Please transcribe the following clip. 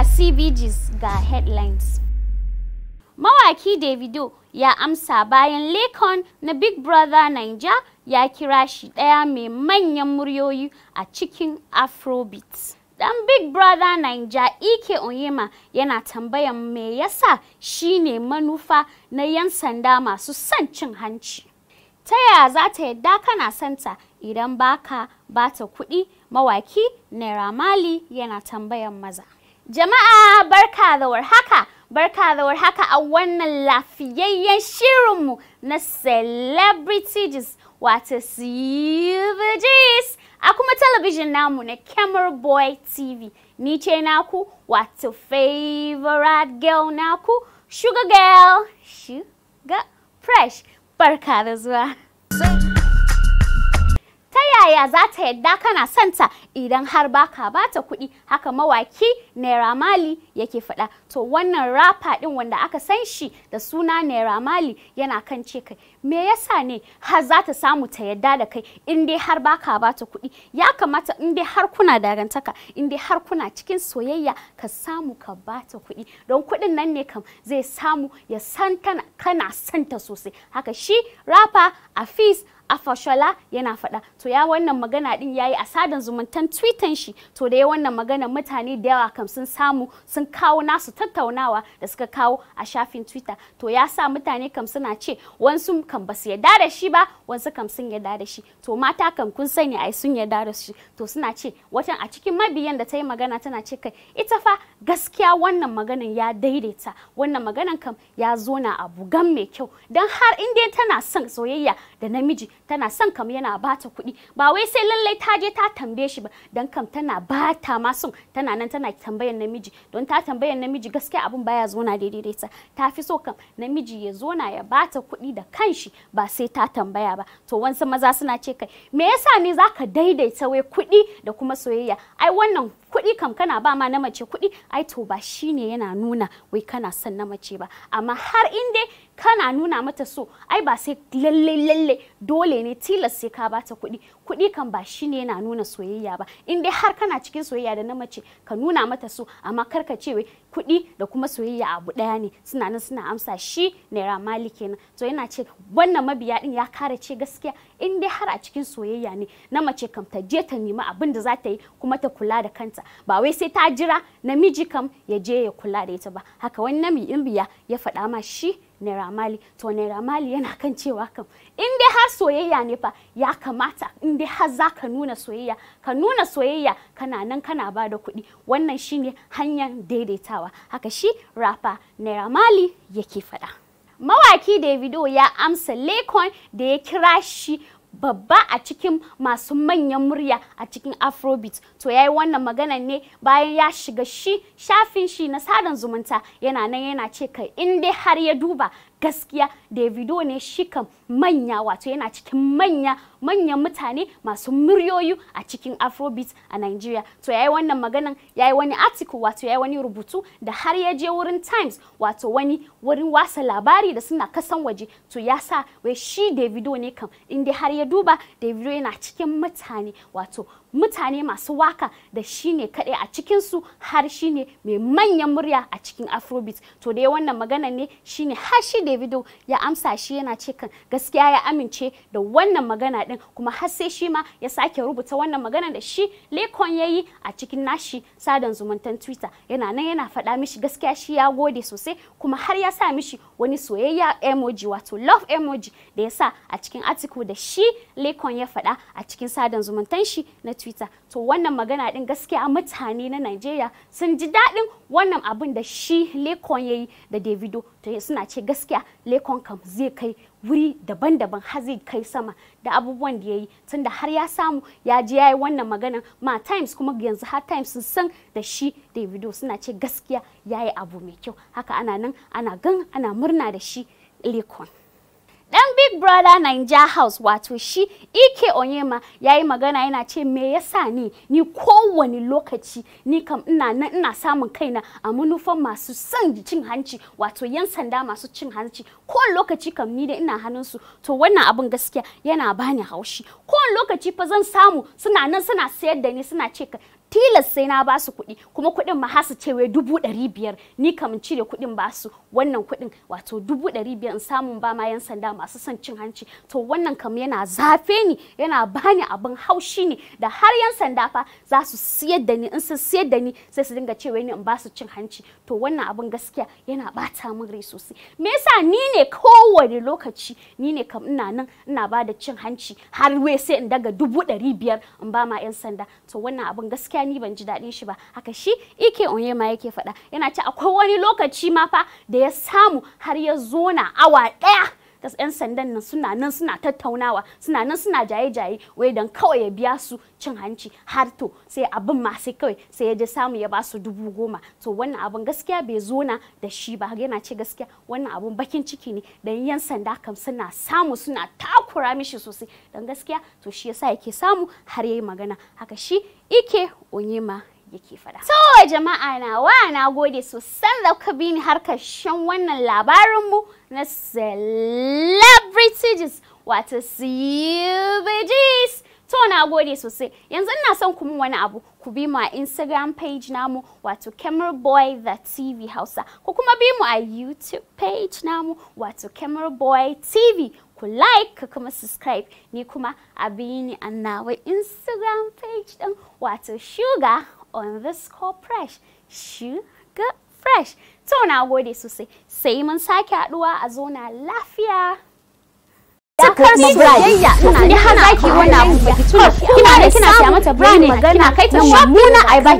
a CVGs ga headlines. Mawaki Davido ya amsa bayan Lekon na Big Brother Naija ya kira shi ɗaya mai manyan muryoyi a cikin Afrobeat. Dan Big Brother Naija Ike Onyema yana tambayan me yasa shine manufa na 'yan sanda masu son cin hanci. Ta yaya za ta yadda kana santa idan baka bata kuɗi mawaki Naira Mali yana tambayan maza. Jama'a barka da warhaka, barka da warhaka a wannan lafiyayyen shirinmu na Celebrity Gist wata Gist a kuma talabijin namu na Camera Boy TV. Ni ce naku wata favorite girl naku Sugar Girl, Sugar Fresh. Barka da zuwa. yaya za ta yadda kana santa idan har ba baka bata kuɗi haka mawaki naira mali yake faɗa to wannan rapa ɗin wanda aka san shi da suna naira mali yana kan ce kai me yasa ne har za ta samu ta yadda da kai in dai har baka ba ta kuɗi ya kamata in dai har kuna dagantaka in dai har kuna cikin soyayya ka samu ka ba ta kuɗi don kuɗin nan ne kam zai samu ya san kana ta sosai haka shi rafa afis afashola yana faɗa to ya wannan magana din yayi a sadan zumuntan twitter shi to da ya wannan magana mutane da yawa kam sun samu sun kawo nasu tattaunawa da suka kawo a shafin twitter to ya sa mutane kam suna ce wasu kan ba su yarda da shi ba wasu kam sun yarda da shi to mata kan kun sani ai sun yarda da shi to suna ce watan a cikin mabiyan da ta yi magana tana ce kai ita fa gaskiya wannan maganan ya daidaita wannan maganan kam ya zo na abu gan mai kyau dan har in dai tana son soyayya da namiji tana son kam yana bata kuɗi ba wai sai lallai ta je ta tambaye shi ba dan kam tana bata ma son tana nan tana tambayan namiji don ta tambayan namiji gaskiya abun baya zo na daidaita ta fi so kam namiji ya zo na ya bata kuɗi da kanshi shi ba sai ta tambaya ba to wansu maza suna ce kai me yasa ne zaka daidaita wai kuɗi da kuma soyayya ai wannan kuɗi kam kana ba ma na mace kuɗi ai to ba shine yana nuna wai kana son na mace ba amma har in dai kana nuna mata so ai ba sai lalle lalle dole ne tilas sai ka bata kuɗi kuɗi kan ba shi ne yana nuna soyayya ba in dai har kana cikin soyayya da na mace ka nuna mata so amma kar ka ce kudi da kuma soyayya abu ɗaya ne suna nan suna amsa shi naira mali kenan to yana ce wannan mabiya din ya kare ce gaskiya in dai har a cikin soyayya ne na mace kam ta je ta nemi abin da za ta yi kuma ta kula da kanta ba wai sai ta jira namiji kam ya je ya kula da ita ba haka wani namiji biya ya faɗa ma shi naira mali to naira mali yana kan cewa kan in dai har soyayya ne fa ya kamata in dai har za ka nuna soyayya ka nuna soyayya kana nan kana ba da kuɗi wannan shine hanyar daidaitawa haka shi rafa naira mali yake faɗa mawaki davido ya amsa lekon da ya kira shi babba a cikin masu manyan murya a cikin afrobeat to ya yi wannan magana ne bayan ya shiga shi shafin shi na sadan zumunta yana nan yana ce kai, in dai har ya duba gaskiya davido ne shi kan manya wato yana cikin manya manyan mutane masu muryoyi a cikin afrobeat a nigeria to yayi wannan maganan yayi wani article wato yayi wani rubutu da har ya je wurin times wato wani wurin wasa labari da suna kasan waje to ya sa wai shi davido ne kam inda har ya duba davido yana cikin mutane wato mutane masu waka da shi ne kaɗai a cikin su har shine mai manyan murya a cikin afrobeat to dai wannan magana ne shine har shi davido ya amsa shi yana ce kan gaskiya ya amince da wannan magana din kuma har sai shi ma ya sake rubuta wannan magana da shi lekon ya yi a cikin nashi sadan zumuntan twitter yana nan yana faɗa mishi gaskiya shi ya gode sosai kuma har ya sa mishi wani soyayya emoji wato love emoji da ya sa a cikin article da shi lekon ya faɗa a cikin sadan zumuntan shi na twitter to wannan magana din gaskiya mutane na nigeria sun ji daɗin wannan abin da shi lekon yayi da davido to suna ce gaskiya lekon kam zai kai wuri daban-daban har zai kai sama da abubuwan da ya yi tunda har ya samu ya ji ya yi wannan magana ma times kuma yanzu har times sun san da shi davido suna ce gaskiya ya yi abu mai kyau haka ana nan ana gan ana murna da shi lekon dan Brother Ninja House wato shi Ike Onyema yayi magana yana ce me yasa ni ni kowane lokaci ni kam ina nan ina samun kaina a manufan masu son cin hanci wato yan sanda masu cin hanci ko lokaci kam ni da ina hannun su to wannan abin gaskiya yana bani haushi ko lokaci fa zan samu suna nan suna sayar da ni suna ce tilas sai na ba su kuɗi kuma kuɗin ma hasu ce wai dubu ɗari biyar ni kam cire kuɗin ba su wannan kuɗin wato dubu ɗari biyar in samun ba ma yan sanda masu son cin hanci to wannan kam yana zafe ni yana bani abin haushi ne da har yan sanda fa za su siyar da ni in sun siyar da ni sai su dinga cewa ni in ba su cin hanci to wannan abin gaskiya yana bata min rai sosai me yasa ni ne kowane lokaci ni ne kam ina nan ina ba da cin hanci har wai sai in daga dubu ɗari biyar in ba ma yan sanda to wannan abin gaskiya gaskiya ni ban ji daɗin shi ba haka shi ike onyema yake faɗa yana ce akwai wani lokaci ma fa da ya samu har ya zo na awa ɗaya da 'yan sandan nan suna nan suna tattaunawa suna nan suna jaye-jaye wai dan kawai ya biya su cin hanci har to sai abin ma sai kawai sai ya je samu ya ba su dubu goma to wannan abin gaskiya bai zo na da shi ba yana ce gaskiya wannan abin bakin ciki ne dan 'yan sanda kam suna samu suna takura mishi sosai dan gaskiya to shi yasa yake samu har yayi magana haka shi ike onyema yake fada. To jama'a na wa na gode sosan da kuka bi ni har wannan labarinmu na celebrities wato CBGs. To na gode sosai yanzu ina son kuma wani abu ku bi mu a Instagram page namu wato Camera Boy the TV Hausa ku kuma bi mu a YouTube page namu wato Camera Boy TV ku like ku kuma subscribe ni kuma a bi ni a nawa Instagram page ɗin wato Sugar on this call fresh shuga fresh to na gode sosai sai mun sake haduwa a zona lafiya dakar soyayya ina ni har zaki wani abu baki tuna kina da kina siya mata brand kina kai ta shop muna ai